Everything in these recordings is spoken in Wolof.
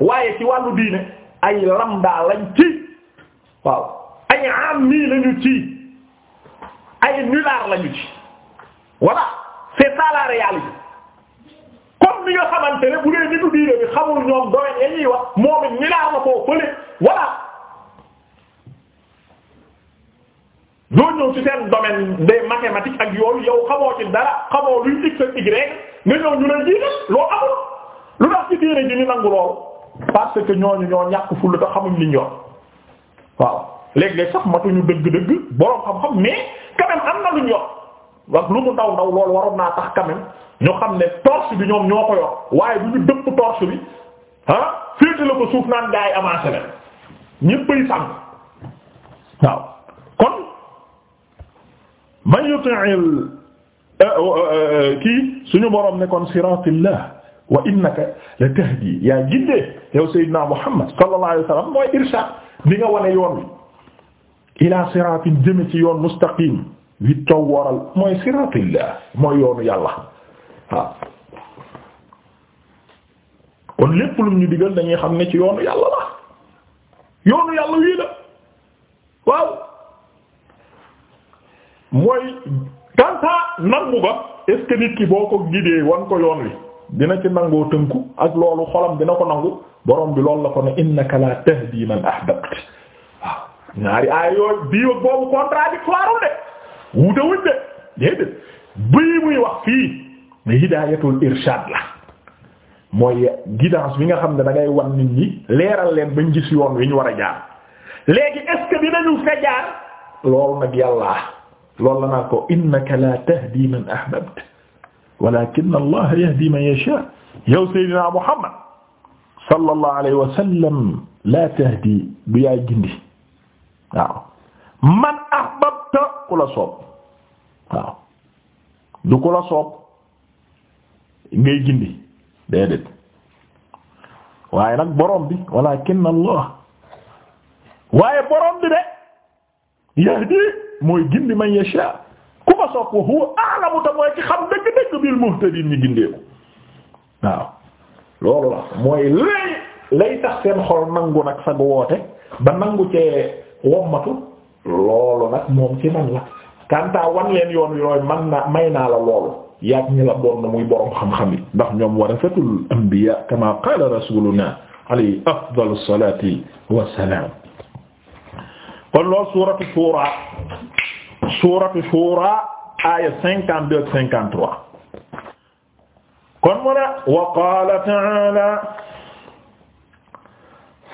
waaye ci wàllu diine ay lamda lañ ci waaw ay am nii lañu ci ay nulaar lañu ci voilà c'est ça la réalité comme ni nga xamante ne bu dee diine bi xamul ñoom doyen ya ñuy moom it nulaar la koo fële voilà doo ñëw ci seen domaine des mathématiques ak yooyu yow xamoo ci dara xamoo luy x ak y nga ñëw ñu lay jiital loo amul lu tax ci diine ji ñu nangu loolu parce que ñooñu ñoo ñàkk fulla te xamuñ li ñor waaw léeg-léeg sax matuñu dëgg-dëgg boroom xam-xam mais quand am na lu ñor wax lu mu ndaw ndaw loolu waroon naa tax quand ñu xam ne torche bi ñoom ñoo ko yor waaye bu ñu dëpp torche bi ah féete la ko suuf naan gaa yi avancé leen ñëppay waaw kon man yuti euh, euh, euh, kii suñu borom ne kon siratillah wa innaka la tahdi yaa gindee yow sayyidina Muhammad sallallahu alayhi mooy irshad di nga wane yoon wi ila siratin jëm ci yoon mustaqim wi taw waral mooy siratillah mooy yoonu yàlla waaw kon lépp lu ñu digal dañuy xam ne ci yoonu yàlla la yoonu yàlla wii la waaw mooy tant nar ba est nit ki boo ko gidee wan ko yoon wi dina ci nangoo tënku ak loolu xolam dina ko nangu borom bi loolu la ko ne innaka la tahdi man ahbabta waaw ñaari aay yooyu bii ak boobu contradictoire de wuute wuñ de déedéet bii muy wax fii hidayatul irshad la mooy guidance bi nga xam ne dangay ngay wan nit ñi leeral leen bañ gis yoon wi ñu war a jaar léegi est ce que dinañu fa jaar loolu nag yàlla loolu la naa ko innaka la tahdi man walakin allah yahdi man yasha yow sayyidina muhammad sallallahu alayhi wa sallam la tahdi du yaay gindi waaw man ahbabta ku la soob waaw du ku la soob ngay gindi déedéet waaye nag borom bi walakin allah waaye borom bi de yahdi mooy gindi man yasha ko waaw loolu la mooy lay lay tax seen xol nangu nag sag woote ba nangu cee wommatu loolu nag moom ci man la kantaa wan leen yoon yooyu man naa may naa la loolu yaag ñi la doon na muy borom xam-xam yi ndax ñoom warasatul anbiya kama qala rasuluna alayhi afdalu salati wassalam kon loolu suratu shura suuratu Shuura aaya cinquante deux cinquante trois kon mu ne wa qaala ta'aala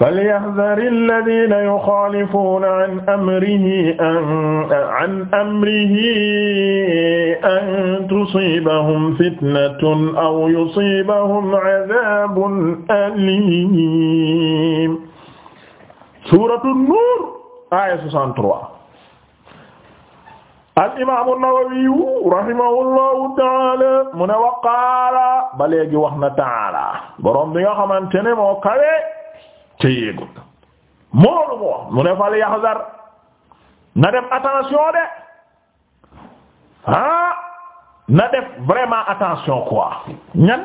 فليحذر الذين يخالفون عن أمره أن عن أمره أن تصيبهم فتنة أو يصيبهم عذاب أليم. Suuratu Nuur, aaya 63 al imaamu Nawawi rahimahullahu taala mu ne wa qaala ba léegi wax na taala borom bi nga xamante ne moo kawe te yéegul moolu moo mu ne fal yaxzar na def attention de ah na def vraiment attention quoi ñan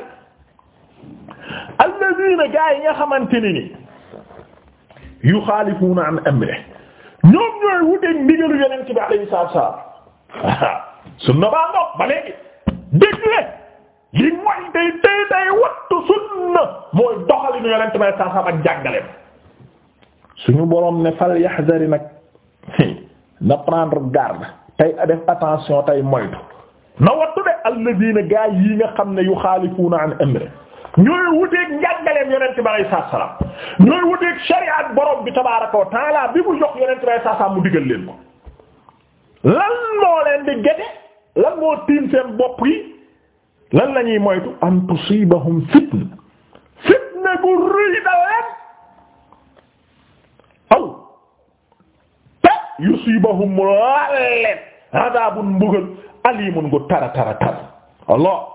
alladina gaa yi nga xamante ne ni yuxaalifuuna an amri ñoom ñooy wuteek ndigalu yonent bi alayhi salaatu wa salaam sunna baa ngoog ba léegi dégg le li mooy day day day wattu sunna mooy doxali nu yolente may saasam ak ne fal yaxdari na prendre garde tey def attention tey moytu na wattu de alladina gaa yi nga xam ne yu an amri ñooy wuteeg njàngaleem yonent bi alayhi salaatu salaam ñooy wuteeg shari'at borom bi tabaaraka wa taala bi mu jox yonent bi salaam mu digal leen ko lan moo leen di lan moo tiim seen bopp yi lan la ñuy moytu an tusibahum yi fitna gu rëy da leen aw te yusibahum lalleen adabun mbugal alimun gu tara tara tara Allah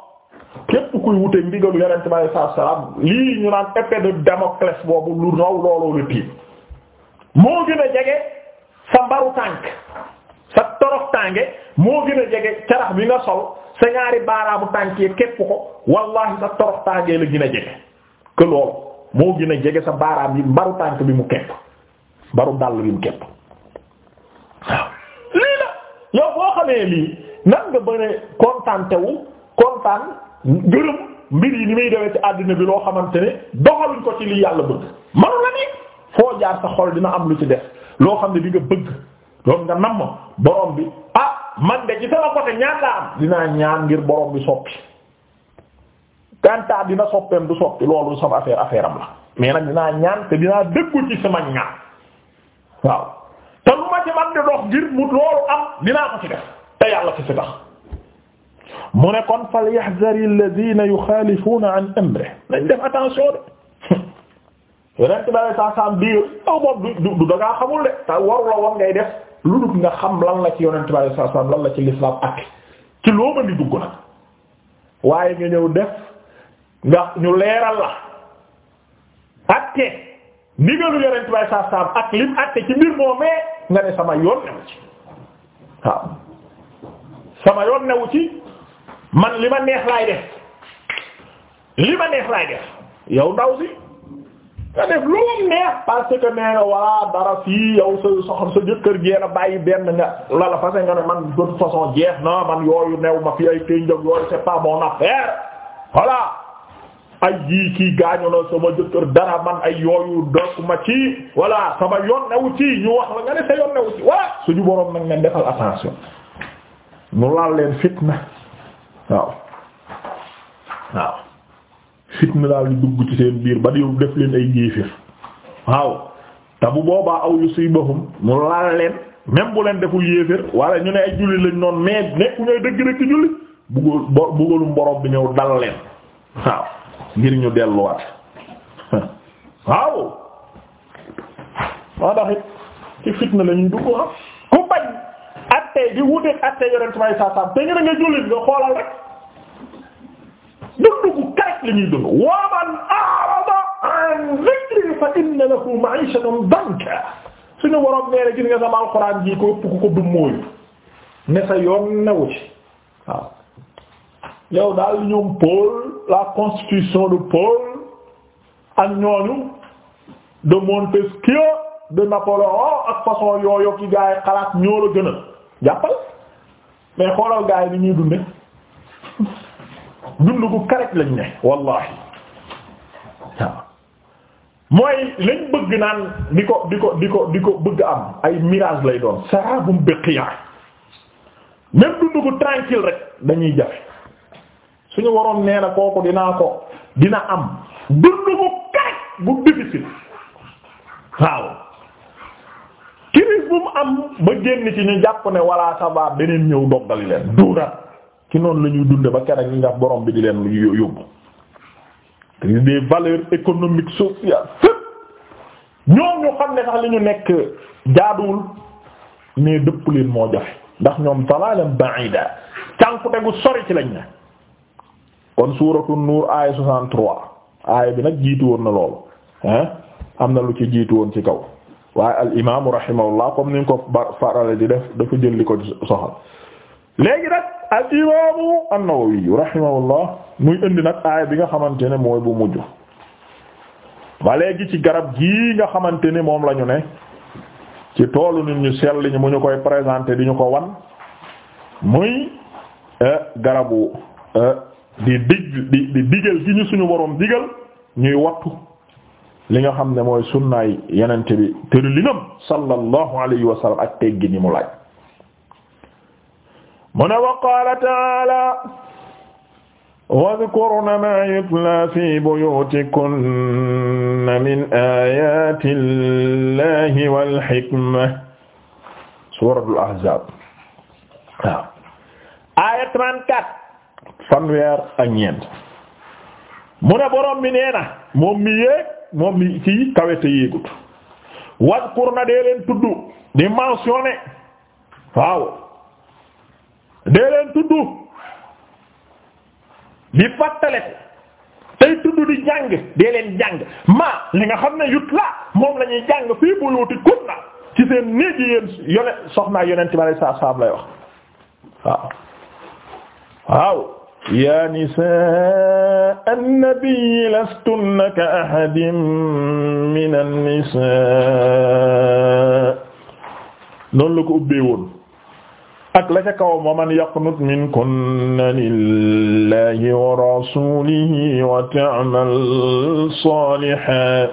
képp kuy wute ndigalu yonente bi alei salatua salam lii ñu naan épée de Damoclès boobu lu raw looloo tiim moo gën jege sa mbaru sa torox tànge moo gën a jege carax bi nga sol sa ñaari baaraamu tànkee képp ko wallahi sa torox tàngee la gën a jege que loolu moo gën a jege sa baaraam yi mbaru tànk bi mu képp mbaru dàll bi mu képp waaw lii la yow boo xamee lii nan nga bëne kontaan tewu kontaan gërëm mbir yi ni muy demee ci àddina bi loo xamante ne doxaluñ ko ci li yàlla bëgg manu la ni foo jaar sa xol dina am lu ci def loo xam ne bi bëgg doon nga nam borom bi ah man de ci sama côté ñaan la am dinaa ñaan ngir borom bi soppi kantaa dina soppeem du soppi loolu sama affaire affaire la mais nag dinaa ñaan te dinaa dëggu ci sama ñaan waaw te lu ma ci man di dox ngir mu loolu am dinaa ko ci def te yàlla ci fi mu ne kon fal yahzari alladhina yukhalifuna an amri nañ def attention de yonent bi sallallahu alayhi wasallam biir aw boobu du du xamul de te la woon ngay lu dul nga xam lan la ci yonent bi alayhi salaam lan la ci lislaam ak ci loo mën di dugg nag waaye nga ñëw def nga ñu leeral la atte ndigalu yonent bi alayhi salaam ak lim atte ci mbir moomee nga ne sama yoon newu sama yoon newu ci man li ma neex laay def li ma neex laay def yow ndaw si nga def lu mu neex parce walla dara fii yow sa soxam sa jëkkër jee na bàyyi benn nga lala fase nga ne man de jeex na man yooyu new ma fi ay këy njog yooyu c'est pas mon affaire voilà ay yii kii gaañu na sama jëkkër dara man ay yooyu dokk ma ci voilà sama yoon new ci ñu wax la nga ne sa yoon new ci voilà suñu boroom nag ngeen defal attention ñu laal leen fitna waaw waaw fitna daal di dugg ci seen biir ba di def leen ay yéeféer waaw te bu boobaa aw yusibahum mu laal leen même bu leen deful yéeféer wala ñu ne ay jullit lañ noonu mais nekku ñooy dëgg rek ci jullit buggoon bo buggoonum borom bi ñëw dal leen waaw ngir ñu delluwaat waaw. moo tax ci fitna la ñuy dugg ah ku bañ àttee di wuteeg àttee yore may saasaam te ñu ne nga jullit nga xoolal rek la ñuy dund wa man a'rada an dhikri fa inna lahu ma'ishatan danka suñu waroon nee gis nga sama alxuraan ji ko ëpp ku ko dum mooyu ne sa yoon newu ci waaw yow daal ñoom Paul la constitution de Paul ak ñooñu de Montesquieu de Napoléon ak façon yooyu ki gaa yi xalaat ñoo la gën a jàppal mais xoolal gaa yi ni ñuy dunde dund gu karaj lañ ne wallahi waaw mooy lañ bëgg naan di ko di ko di ko di ko bëgg am ay mirage lay doon sarabum biqiya même dund gu tranquille rek dañuy jafe suñu waroon nee na kooku dinaa ko dina am dund gu karaj bu difficile waaw kiris bu mu am ba génn ci ñu jàpp ne walla ça beneen ñëw doggali leen duuraat ci noonu la ñuy dunde ba keroog bi nga borom bi di leen yóbbu crise des valeurs économiques sociales ñoom ñu xam ne sax li nekk jaaduwul mais dëpp leen moo jafe ndax ñoom dalalan ba'ida cànkute gu sori ci lañ ne kon suuratu nuur aaya 63 aaya bi nag jiitu woon na loolu hein am na lu ci jiitu woon ci kaw waaye al imaamu rahimahullah comme ni ñu ko farale di def dafa jël li ko soxal léegi nag al imaamu an-Nawawi rahimahullah muy indi nag aaya bi nga xamante ne mooy bu mujj ba léegi ci garab gii nga xamante ni moom lañu ne ci toolu nit ñu sell ñu mu ñu koy présenté di ñu ko wan muy euh, garabu euh, di dig di di digal gi ñu suñu boroom digal ñuy wattu li nga xam ne mooy sunnaay yenente bi tëralinam sallallahu alayhi wa sallam ak teggi ni mu laaj mu ne wa qaala ta'aala wadkurna maa yutlaa fii buyuutikunna min aayaati llaahi wal hikma suuratul ahzaab waaw aaya 34 fanweer ak ñeent mu ne boroom mi nee na moom mi yéeg moom mi ci kawe te yéegut wadkurna dee leen tudd di mentionné waaw dee leen tudd di fàttale ko tey tudd di jàng dee leen jàng maa li nga xam ne yut la moom la jàng fii buyuuti kunna ci seen néeg yi yéen yone soxnaa yonent bi alayhi salaam lay wax waaw yaa nisaa an-nabiy lastunna ka ahadin min an-nisaa noonu la ko ubbee woon ak la ca kaw ma man yaqnut minkunna lillahi wa rasulihi wa ta'mal salihan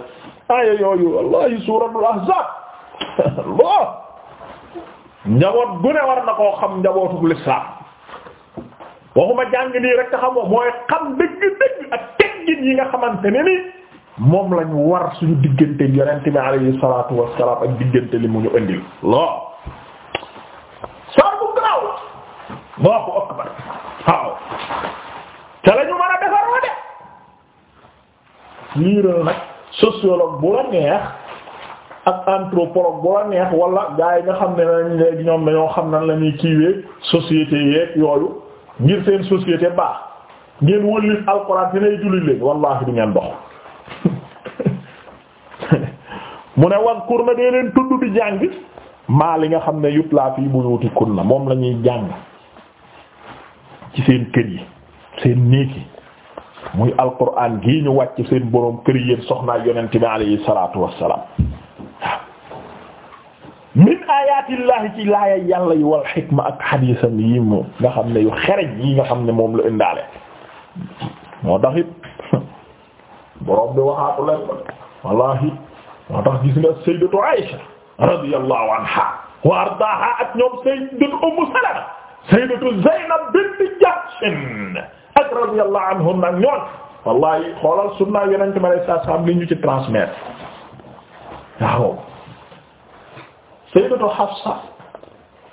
aaya yooyu wallahi suratul ahzab Allah njaboot gu ne war na koo xam njabootu l'islam waxuma jàng nii rek xam nga mooy xam dëgg-dëgg ak teggin yi nga xamante ne ni moom lañ war suñu diggante yonent bi alayhi salatu wassalam ak diggante li mu ñu andil la Allahu akbar waaw ca la ñu mën a defaroo de liiral nag sociologue bu la neex ak anthropologue bu la neex wala gaa yi nga xam ne nañ léegi ñoom dañoo xam nan la ñuy kiiwee société yeeg yooyu ngir seen société baax ngeen wëllit alxuraan te nay julli leen wallahi du ngeen dox mu ne wan kur na dee leen tudd di jàng maa li nga xam ne yupp laa fii buyuti kun na moom lañuy jàng ci seen kër yi seen néeg yi muy alquran gii ñu wàcc seen boroom kër yéen soxnaa yonent bi alayhi salaatu wassalaam min ayatillahi ci laaya yàlla yi wal xikma ak xadiisam yi mu nga xam ne yu xereñ yi nga xam ne moom la indaale moo tax it boroom bi waxaatu wallahi moo tax gis nga sayyidatu Aisha radiyallahu anha wa ardaaha ak ñoom sayyidatu Ummu Salama sayyidatu Zaynab bint Jahsh ak radiyallahu anhum nag ñoon wallahi xoolal sunna yonente mi alayhi salaatu salaam li ñu ci transmettre waaw sayyidatu Hafsa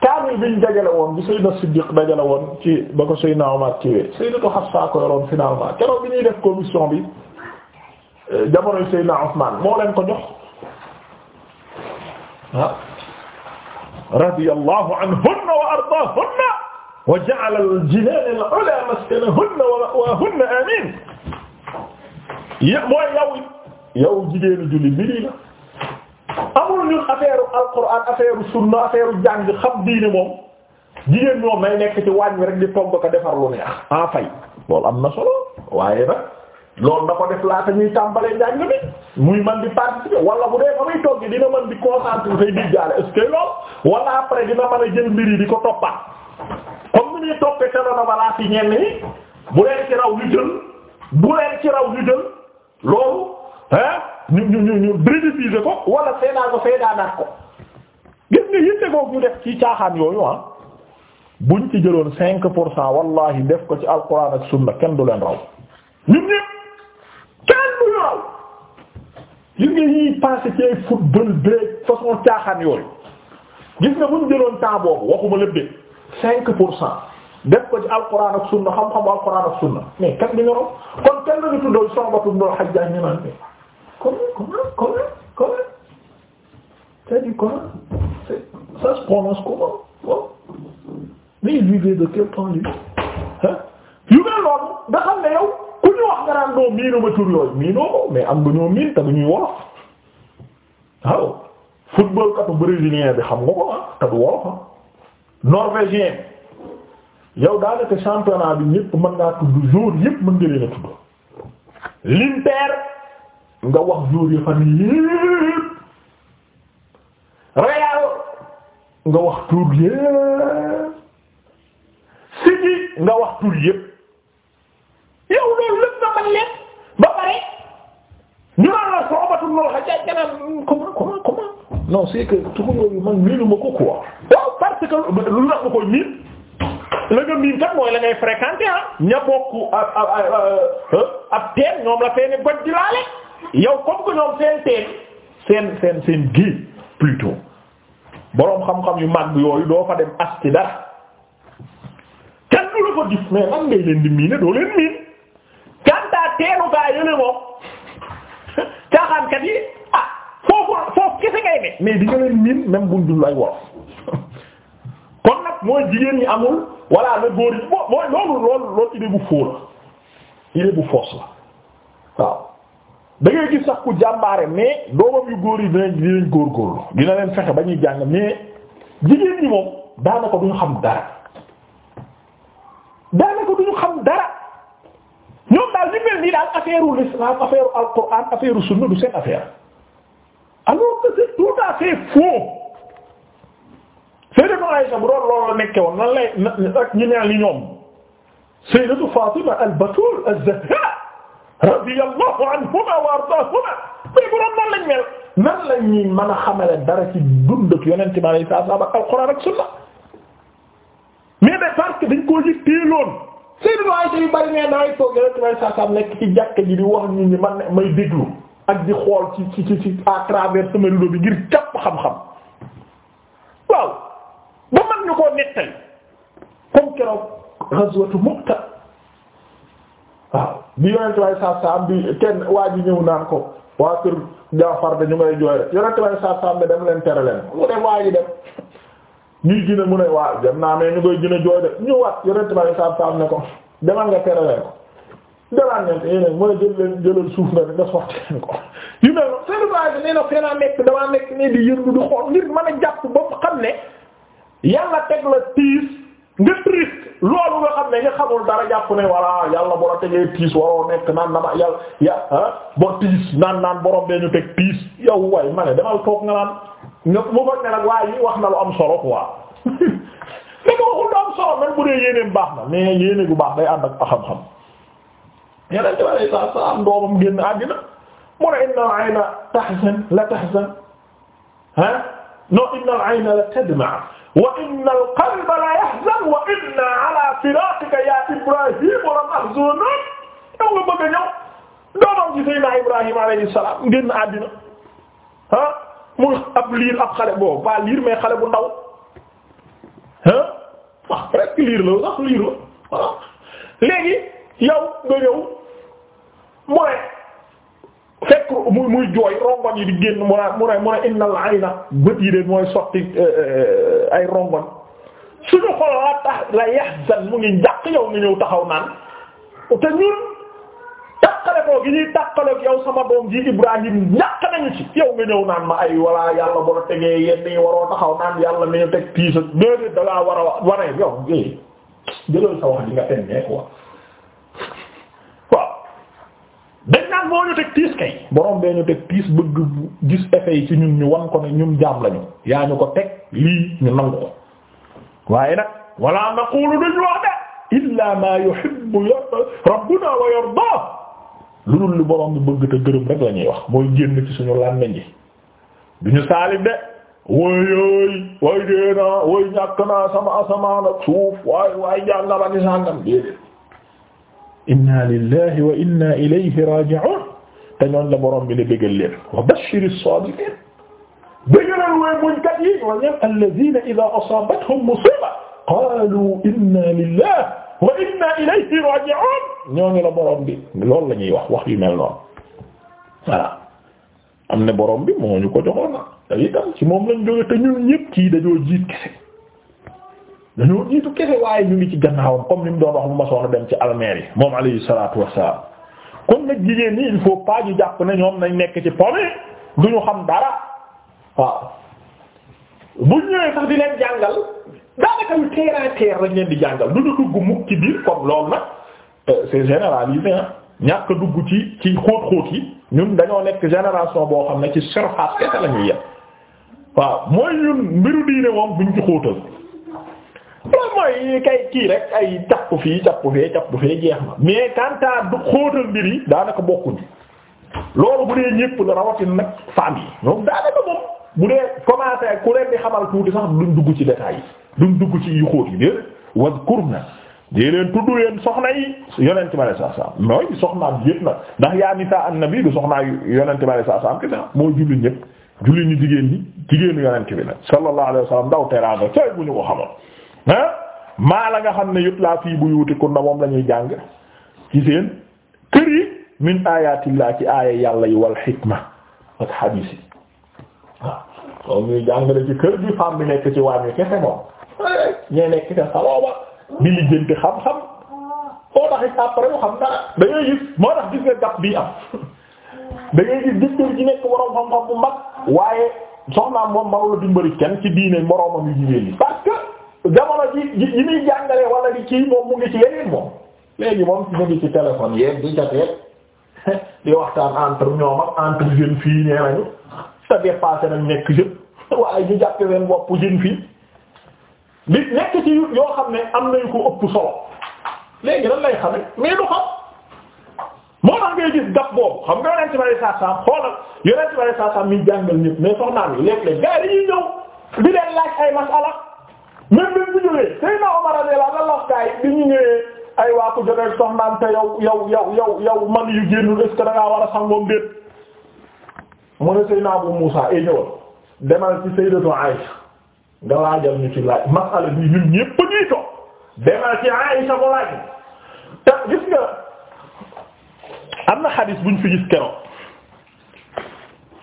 kaamil biñ dajale woon bi sayyidna Siddiq dajale woon ci ba ko sayyidna Umar kiiwee sayyidatu Hafsa ko yoroon finalement keroog bi ñuy def commission bi eh, jamonoy sayyidna Usmaan moo leen ko jox ah radiyallahu anhunna wa ardaahunna wa ja'ala al-jinaan al-'ulaa maskanahunna wa ma'waahunna amiin ya mooy yow yow jigéenu julli mbiri la amul ñun affaire alquran affaire sunna affaire jàng xam diine moom jigéen ñoom nay nekk ci waañ wi rek di togg ko defar lu neex en ah, fay loolu am na solo waaye nag loolu na ko def laata ñuy tàmbalee njàng bi muy man di participer wala bu dee fa muy togg dina man di concentrer fay diggaale est-ce que loolu dina mën a jël mbir yi di ko toppaat comme ni ñuy toppee télénovela ci ñenn ñi bu leen ci raw ñu jël bu leen ci raw ñu jël loolu ah ñu ñu ñu ñu ridiculiser ko wala seedaa ko gis nga yitte googu ñu def ci caaxaan yooyu ah buñ ci jëloon cinq pour cent wallahi def ko ci alquran ak sunna kenn du leen raw ñun ñëpp kenn du ñu raw gis nga ñuy ci ay football beeg façon caaxaan yooyu gis nga buñ jëloon temps boobu waxuma lépp de. cinq pour cent def ko ci alquran ak sunna xam-xamu alquran ak sunna mais kan bi ñoroon kon kenn la ñu tuddoo Shu'batu ibn al-Hajjaj ñu naan mais comment comment comment comment c'est du quoi c'est ça se prononce comment bon mais il vivait de quel temps lui hein yu mel noonu nga ne yow ku ñu wax nga naan doo miinu ma tur yooyu miinoo ko mais am nga ñoo miin te du ñuy wolof waaw football katu brésilien bi xam nga ko ah te du wolof ah. norvégien yow daanaka championnat bi ñëpp mën ngaa tudd jour yëpp mën nga leen a tudd nga wax jour yi fan yëpp Real nga wax tur yëpp City nga wax tur yëpp yow loolu lépp nga mën leen ba pare ñu naan la soobatu noonu la ca ca comment comment comment. non c'est que turu yooyu man miinu ma ko quoi. waaw parce que lu la ko miin la ngay fréquenter ah. ña bokk euh, ab ab ñoom la fee ne di laale. yow comme que ñoom seen teen seen seen seen géej plutôt boroom xam-xam yu mag yooyu doo fa dem as dara kenn du la ko gis mais lan ngay leen di miine doo leen miin. quant à teenu gaa yële moom caaxaankat yi. foofu foofu ngay ne mais di nga leen miin même buñ dul ay wolof kon nag mooy jigéen ñi amul voilà la góor yi bo mooy loolu loolu loolu idée bu faux la idée bu fausse la waaw da ngay gis sax ku jàmbaare mais doomam góor yi dinañ dinañ dina leen fexe ba ñuy jàng mais jigéen ñi moom daanaka duñu xam dara daanaka duñu xam dara ñoom daal li mel nii daal affaire u l'islam affaire u alquran affaire du seen affaire alors que c'est tout à fait faux Sayyidatu Aïcha bu doon loolu la nekke woon nan lay ak ñi mel ni ñoom Sayyidatu Fatima al-Batul az-Zahra radiyallahu anhuma wa ardaahuma mais bu doon noonu lañ mel nan la ñuy mën a xamale dara ci dund ak Yonent bi alayhi salaam ak Alxuraan ak sunna mais de parce que dañ koo yëg teeloon Sayyidatu Aïcha yu bari nee na ay toog Yonent bi alayhi salaam nekk ci jàkka ji di wax nit ñi man may ak di xool ci ci ci ci à travers sama rido bi ngir jàpp xam-xam waaw ba man ñu koo nettali comme keroog ghazwatu Mu'ta waaw bi yonent way saab saab bi kenn waa ji ñëw naan ko waa kër Jaafar dañu ngay jooy rek yonent way saab saab ne dem leen tere leen mu dem waa ji dem ñuy gën a mun a waa dem naa mais ñu koy gën a jooy de ñëwaat yonent way saab saab ne ko demal nga tere leen ko dalaan nen yéen a mën a jël leen jëlal suuf na rek nga sotti leen ko yu mel noonu seen base bi nekk damaa nekk nii di yëngu di xool ngir mën a jàpp ba xam ne yàlla teg la tiis nga triste loolu nga xam ne nga xamul dara jàpp ne voilà yàlla bu tegee tiis waroo nekk naan na ma yàlla yàlla ah boo tiis naan naan borom bee ñu teg tiis yow waay ma demal toog nga naan nga mu ko ne nag waaye yi wax na lu am solo quoi li nga waxul lu am solo même bu dee yéeneem baax na mais yéene gu baax ànd ak xam yeneen bi alayhi salaatu wa salaam doomam génn àddina mu ne inna al-ayna tahzan la tahzan ah no inna al-ayna la tadma wa inna al-qalba la yahzan wa inna ala firaqika ya Ibrahim la mahzunun yow nga bëgg a ñëw doomam ci Seydina Ibrahima alayhi salaam génn àddina ah mu ab liir ab xale boobu ba liir mais xale bu ndaw ah wax rek liir la sax liir la léegi yow nga ñëw. mu ne fekk muy muy jooy rongoñ yi di génn mu ne mu ne mu ne innal ayna bët yi de mooy sotti euh, euh, ay rongoñ suñu xol la tax la yahzan mu ngi njàq yow nga ñëw taxaw naan te ñun tàqale ko gi ñuy tàqale ak yow sama doom ji Ibrahim ñàkk nañu ci yow nga ñëw naan ma ay walla yàlla bu la tegee yenn yi waroo taxaw naan yàlla nañu teg piis ak déedéet da ngaa war a wane yow eh jëloon sa wax di nga teg quoi. moo ñu teg tiis kay borom bee ñu teg tiis bëgg gis effet yi ci ñun ñu wan ko ne ñun jaam lañu yaa ñu ko teg lii ñu nangu ko waaye nag wala naqulu dañu wax de illa ma yuhibbu rabbuna wa yarda lu dul li borom bi bëgg te gërëm rek la wax mooy génn ci suñu làmmiñ ji duñu saalib de way way dee naa way ñàkk naa sama asamaan ak suuf waay waay jàngama ni sàngam déedéet inna lillahi wa inna ilayhi raji'un te ñoon la borom bi ne bégal leen wa bashir as-sabirin bégalal wooy muñkat yi wa ñam alladhina idha asabathum musiba qalu inna lillahi wa inna ilayhi raji'un ñooñu la borom bi loolu la ñuy wax wax yu mel noonu voilà am na borom bi moo ñu ko joxoon na te itam ci moom lañ jóge te ñun ñëpp kii dañoo jiit kese dañoo itu kese waaye ñu ngi ci gannaawam comme ni mu doon wax bu ma a dem ci almeer yi moom alayhi salaatu wassalaam kon nag jigéen ñi il faut pas ñu jàpp ne ñoom nañ nekk ci pome duñu xam dara waaw bu ñëwee sax di leen jàngal daanaka lu teer a teer lañ leen di jàngal du dugg mukk ci biir comme loolu nag euh, c'est yi ah ñàkk dugg ci ci xóot-xóot yi ñun dañoo nekk génération boo xam ne ci surface kese la ñuy yem waaw mooy ñun mbiru diine loolu mooy kay kii rek ay càpp fii càpp fee càpp fee jeex na mais kantaa du xóotal mbir yi daanaka bokkuñu loolu bu dee ñépp la rawatin nag femme yi ñoom daanaka moom bu dee tuuti sax dugg ci détails yi duñ dugg ci yu xóot yi déer wadkurna leen soxna yi yonente bi alei saa salam mooy soxnaam yépp nag ndax yaa nisa annabi du soxnaa yonente bi alei saa salam kese ah, moo julli ñépp julli ñu jigéen ñi jigéenu yonente bi nag sallallahu alayhi wa ndaw teraanga cay bu ñu ko xamoon ah maa la nga xam ne yut laa fii buyutikunna moom la ñuy jàng ci seen kër yi min ayatillah ci aaya yàlla yi wal xikma ak xadiis yi waaw moom ñuy jàngale ci kër bi femme bi nekk ci waañ wi kese moom eh, ñee nekk ci salon ba di lijjanti xam-xam boo taxit après yu xam dara da gis moo tax gis nga gàpp bii am da ngay gis jëkkër ji nekk boroom xam-xam bu mag waaye soxnaam moom mënula dimbali kenn ci diine moroomam yu jigéen yi parce jamono ji yi muy jàngale wala di kii moom mu ngi ci yeneen moom léegi moom mu ngi ci téléphone yeeg di jateeg di waxtaan entre ñoom ak entre jeune fille nee nañu te dépassé nañ nekk jeune waaye ñu jàppe leen bopp jeune fille bi nekk ci yoo xam ne am nañu ko ëpp solo léegi lan lay xame mais du xam moo tax ngay gis gap boobu xam nga yonent bi sallallahu alayhi wasallam xoolal yonent bi sallallahu alayhi mi jàngal ñëpp mais soxnaan yi léeg-léeg gars yi dañuy ñëw di leen laaj ay masala même bi ñu ñëwee Seydina Omar radiyallahu anhu wax gaa bi ñu ay waa ko joxe soxnaam te yow yow yow yow man yu génnul est-ce que da ngaa war a sangoom déet mu ne Seydina Abu Muusa ay eh, ñëwal demal ci Sayyidatu Aïsha nga laajal ñu ci bi ñun ñépp ñuy toog demal ci Aïsha ko gis nga am na xadis buñ fi gis keroog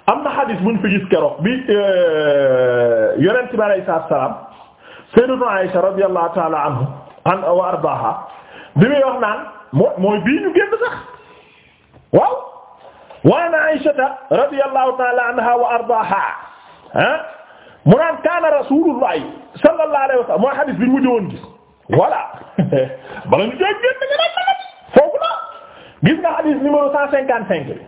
am na xadis buñ fi gis keroog bi euh, yonent bi alayhi salaam sayyidatu Aisha radiyallahu ta'ala anhu an wa ardaaha bi muy wax naan moo mooy bii ñu génn sax waaw wa an Aisha radiyallahu ta'ala anha wa ardaaha ah mu naan kaana rasulullahi sallallahu alayhi wa sallam mooy hadith bi ñu mujjoon gis voilà bala ñu joxe génn nga daan nagat foofu la gis nga hadith numéro 155 bi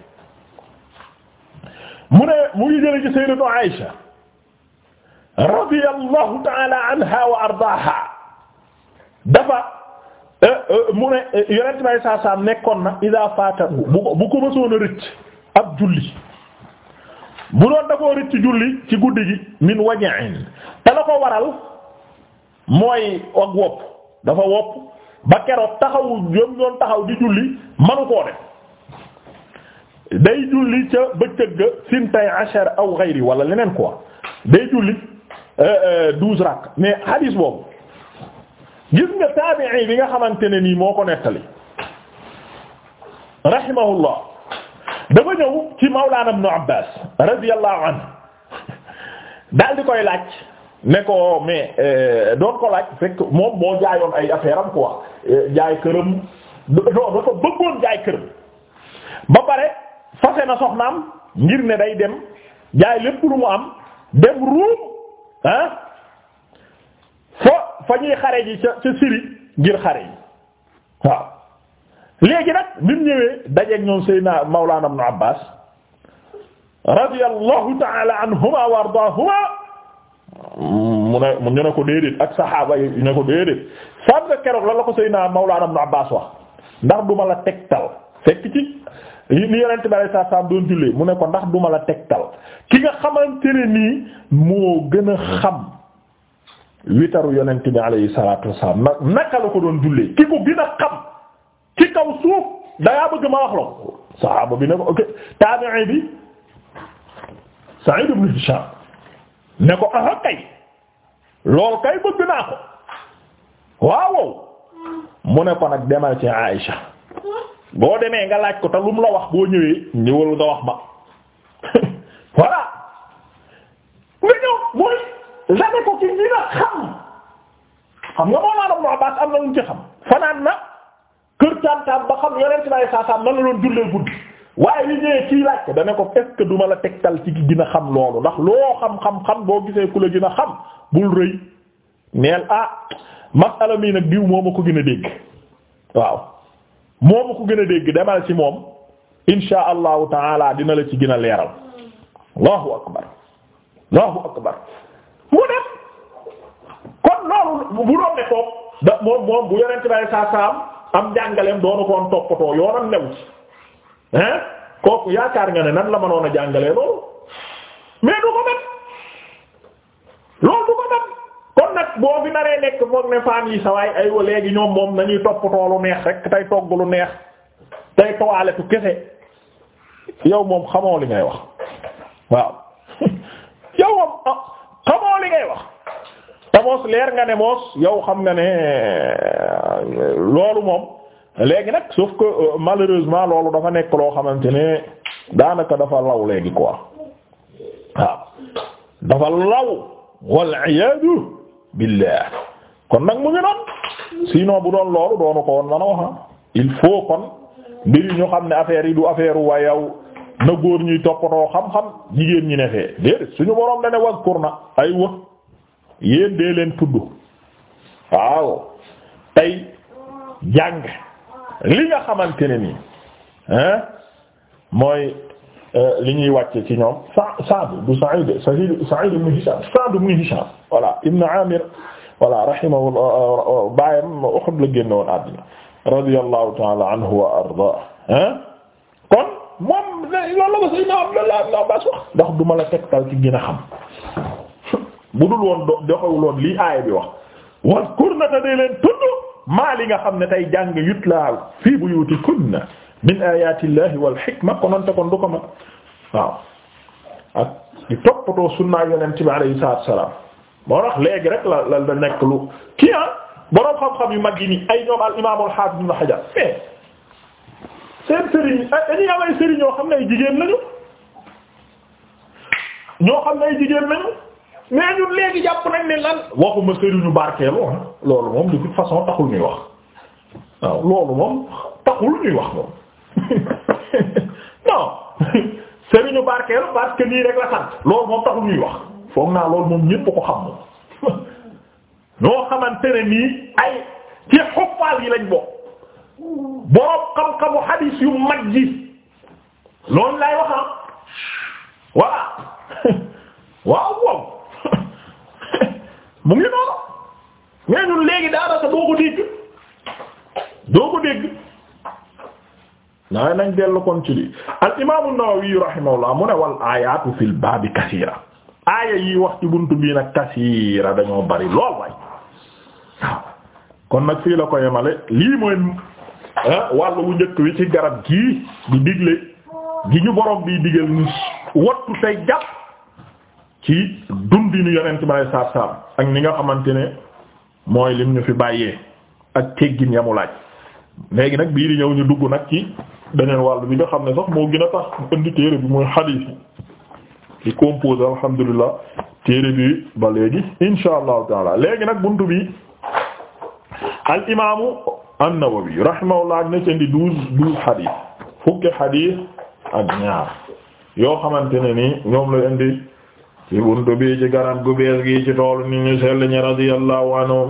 mu ne mu ngi jëlee ci sayyidatu Aisha radiyallahu ta'ala anha wa ardaaha dafa eh, eh, mu ne eh, yonent saa saa nekkoon na idaa faatahu bu bu ko mësoon rëcc ab julli bu doon da rëcc julli ci guddi gi min waja'in te la ko waral mooy ak wopp dafa wopp ba keroog taxawu yom doon taxaw di julli manu koo def day julli ca bëccëg ga ashar aw ghayri wala leneen quoi day julli Euh, euh, douze rak mais hadis boobu gis nga taabi'i bi nga xamante ne nii moo ko nettali rahimahullah dafa ñëw ci mawlaana ibnu Abbaas radiyallahu anhu daal di koy laaj ne ko mais euh, doon ko laaj fekk moom moo jaayoon ay affaire am quoi jaay këram non dafa bëggoon jaay këram ba pare fase na soxnaam ngir ne day dem jaay lépp lu mu am dem ruum ah fo fa ñuy xare ji ca ca Syrie ngir xare ji waaw léegi nag bi mu ñëwee dajeeg ñoom Seydina Mawlana Ibn Abbas radiyallahu ta'ala wa ardaahuma mu ne ñu ne ko déedéet ak saxaaba yi ne ko déedéet saab nga keroog la la ko Seydina Mawlana Ibn Abbas wax ndax duma la tegtal fekk ci li yonent bi alayhi salaam doon jullee mu ne ko ndax duma la tegtal ki nga xamante ne moo gën a xam witaru yonent bi alayhi salaatu wasalaam nag naka la ko doon jullee ki ko gën a xam ci kaw suuf dangaa bëgg ma wax la ko bi ne ko ok taabi'i bi Sa'id ibn Hisham ne ko aha kay loolu kay bëgg naa ko waaw mu ne ko nag demal ci Aïcha boo demee nga laaj ko te lu mu la wax boo ñëwee ñëwal nga wax ma voilà nga ñëw mooy lane ko ci ñi nga xam xam nga moo laa dam no Abbaas am na lu ci xam fanaan na kër tantam ba xam yoneen si naay saasaam nan la doon jullee laaj ko dane ko est-ce que duma la tegtal ci ki gën a xam loolu ndax loo xam-xam-xam boo gisee ku la gën a xam bul rëy neel ah masala mii nag diw moo ma ko gën a dégg waaw moomu ko gën a dégg demal ci moom insha allahu taala dina la ci gën a leeral allahu akbar allahu akbar mu dem kon loolu bu doon ne toog da moom moom bu yonent bay saa saam am jàngaleem doonu koon toppatoo yoonam new ci hein kooku yaakaar nga ne nan la mënoon a jàngalee loolu mais du ko mën loolu kon nag boo fi naree nekk foog ne femme yi sawaay ay wa léegi ñoom moom nañuy topp toolu neex rek tey togg lu neex tay toiletu kese yow moom xamoo li ngay wax waaw yow moom ah, xamoo li ngay wax te moos leer nga ne moos yow xam nga ne euh, loolu moom léegi nag sauf que euh, malheureusement loolu dafa nekk loo xamante ne daanaka dafa law léegi quoi waaw dafa law wal iyaadu billah kon nag mu ngi noon sinon bu doon loolu doonu ko woon man a wax ah. il faut kon mbir ñu xam ne affaire yi du affaire waa yow na góor ñuy toppatoo xam-xam jigéen ñi ne fee déedéet suñu boroom da ne wazkur na ay wax yéen dee leen tudd waaw tey jàng li nga xamante ne nii mooy Euh, li ñuy wàcce ci ñoom sa Saad du Sa'id Sa'id Sa'id ibn ibn Hisham voilà ibn Amir voilà rahimahullah euh, euh, baayam Uhud la génn wa ardaa hein kon moom loolu la ko Sayyidina Abdullah ibn Abbas xam bu dul woon doxewul woon lii aaya bi wax wazkurna te dee leen tudd maa li nga xam ne tey jàng yutla fii buyutikunna min ayatillahi wal hikma kononte kon du ko ma waaw ak di toppatoo sunnaa yonent bi alayhi salaatu salaam moo tax léegi rek la la nekk lu kii ah borom xam-xam yu mag yi nii ay ñoom al imaam al haafiz ibn Hajar mais seen sëriñ dañuy am ay sëriñ ñoo xam ne ay jigéen lañu ñoo ñun léegi jàpp nañ ne lan waxuma sëriñu barkeelu ah, loolu moom de toute façon taxul ñuy wax waaw loolu moom taxul ñuy wax moom. non sëriñu barkeelu parce nii rek la sant loolu moom taxul wax foog naa loolu moom ñépp ko xam moom ñoo xamante ne nii ay ci xoppaal yi lañ bokk boroom xam-xamu xadiis yu mag ji loolu lay wax am ah. waaw waaw mu ngi noonu mais ñun léegi daanaka doo ko dégg doo ko dégg naa nañ dellu kon ci li al imaamu Nawawi rahimahullah mu ne wal aayaatu fil baabi kasiira aaya yi wax ci bunt bii nag kasiira dañoo bari lool waay kon nag fii la ko yemale lii mooy ah, wàllu wu njëkk wi ci garab gii di digle gi ñu borom bii digal ñu wattu tey jàpp ci dundinu yonent bi alayhi salaatu salaam ak ni nga xamante ne mooy lim ñu fi bàyyee ak teggin yamu laaj léegi nag bii di ñëw ñu dugg nag ci beneen wàll bi nga xam ne sax moo gën a tax indi téere bi muy xadiis yi di composé alhamdulilah téere bi ba léegi insha allahu taala léegi nag buntu bi al imaamu an-Nawawi rahimahullah dina ci indi douze douze xadiis fukki xadiis ak ñaar yoo xamante ne ni ñoom la indi ci buntu bi ci garab gu bees gi ci toolu nit ñu sell ñi radiyallahu anhum